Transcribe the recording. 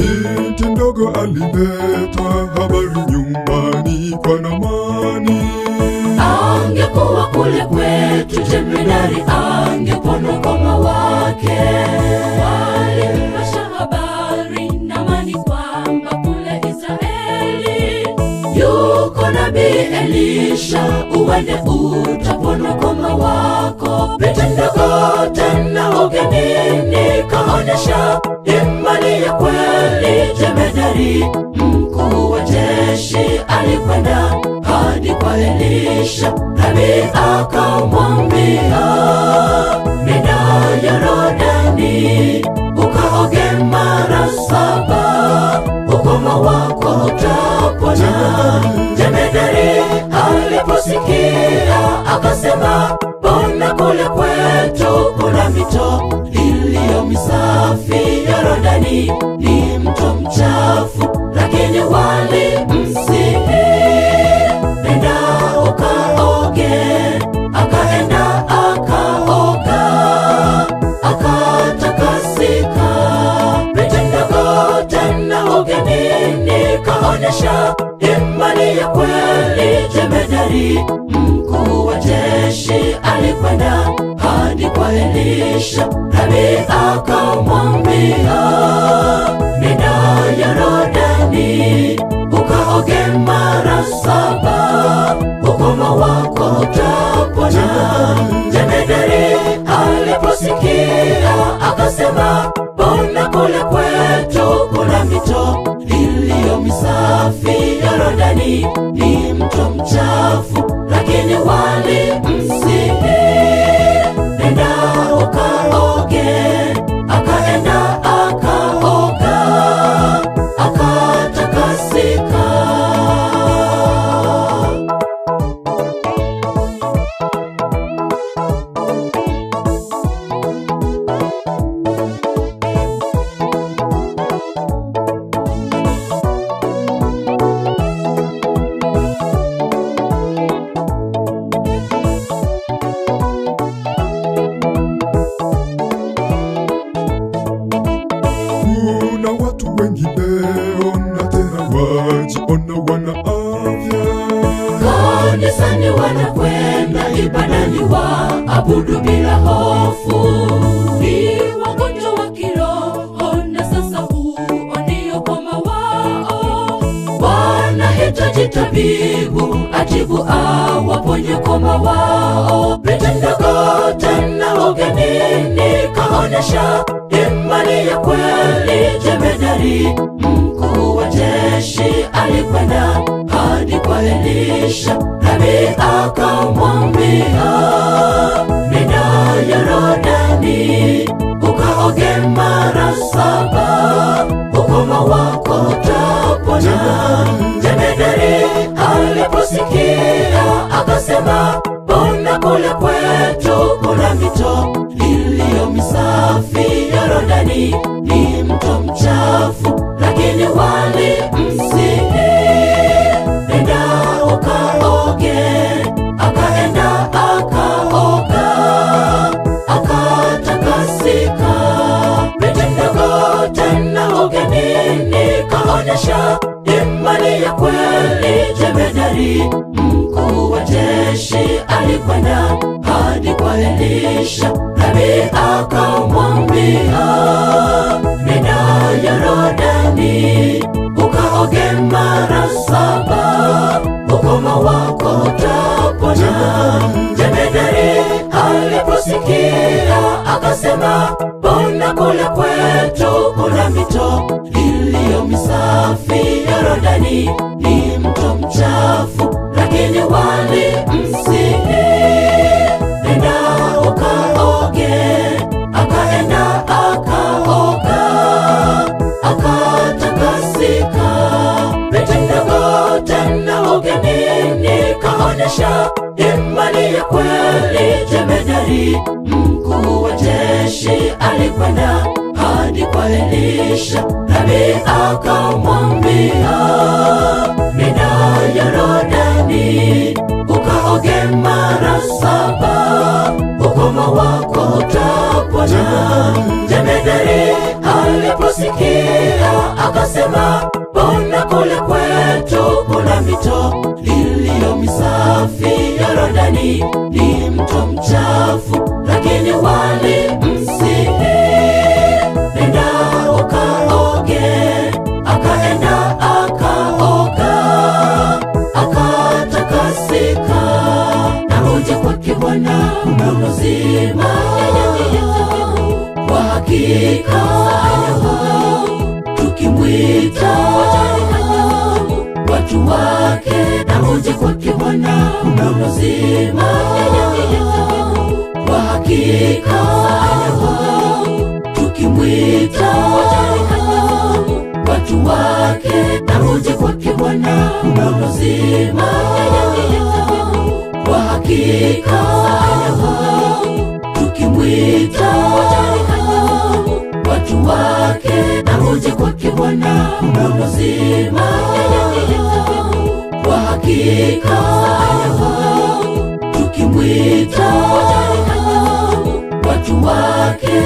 Binti mdogo aliletwa habari nyumbani kwa Namani. Angekuwa kule kwetu jemedari angepona ukoma wake. Walimpasha habari Namani kwamba kule Israeli yuko nabii Elisha, uende utapona koma wako. Binti mdogo tena ugenini kaonyesha Daudi mkuu wa jeshi alikwenda hadi kwa Elisha, nabii akamwambia Onyesha imani ya kweli. Jemedari mkuu wa jeshi alikwenda hadi kwa Elisha, nabii akamwambia, nenda Yordani ukaoge mara saba, ukoma wako utapona. Jemedari aliposikia akasema, bona kule kwetu kuna mito ni safi. Yorodani ni mto mchafu, lakini wali kuwaona wana afya. Kanisani wanakwenda ibadani wa abudu bila hofu, ni wagonjwa wa kiroho na sasa huoni ukoma wao, wanahitaji tabibu atibu awaponye ukoma wao. Pete ndogo tena ugenini kaonesha imani ya kweli jemedari kwenda hadi kwa Elisha, nabii akamwambia, nenda Yordani ukaoge mara saba, ukoma wako utapona. Jemedari aliposikia akasema, bona kule kwetu kuna mito iliyo misafi Yordani kuonyesha imani ya kweli. Jemedari mkuu wa jeshi alikwenda hadi kwa Elisha, nabii akamwambia nenda Yorodani kwetu kuna mito iliyo misafi. Yorodani ni mto mchafu, lakini walimsihi nenda ukaoge, akaenda akaoga, akatakasika. Binti mdogo tena ugenini, kaonyesha imani ya kweli. Jemedari mkuu wa jeshi alikwenda aliandikwa Elisha, nabii akamwambia, nenda Yordani ukaoge mara saba, ukoma wako utapona. Jemedari aliposikia akasema, bona kule kwetu kuna mito iliyo misafi, Yordani ni mto mchafu, lakini wale hakika tukimwita watu wake na uje kwake Bwana kuna uzima wa hakika tukimwita watu wake na uje kwake Bwana kuna uzima wa hakika tukimwita Kuja kwake Bwana ni uzima wa hakika, tukimwita watu wake